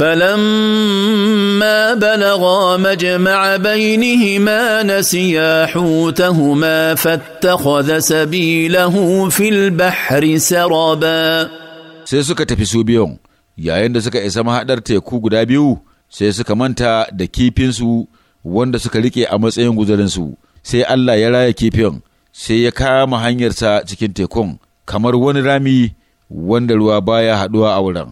فلما بلغا مجمع بينهما نسيا حوتهما فاتخذ سبيله في البحر سربا sai suka tafi su biyun yayin da suka isa mahaɗar teku guda biyu sai suka manta da kifinsu wanda suka riƙe a matsayin guzarinsu sai Allah ya raya kifin sai ya kama hanyarsa cikin tekun kamar wani rami wanda ruwa baya haɗuwa a wurin